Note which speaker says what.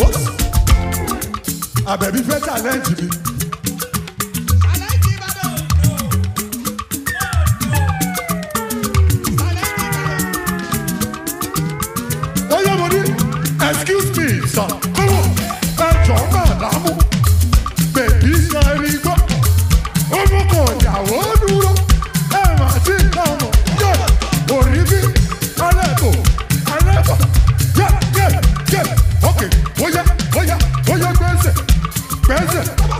Speaker 1: what? Àbẹ̀bí fẹ́ challenge mi.
Speaker 2: Oyè mo ní excuse me sir, Come on, jọ màdàmú, bèbí sọ ẹni I'm ó mú kàn present.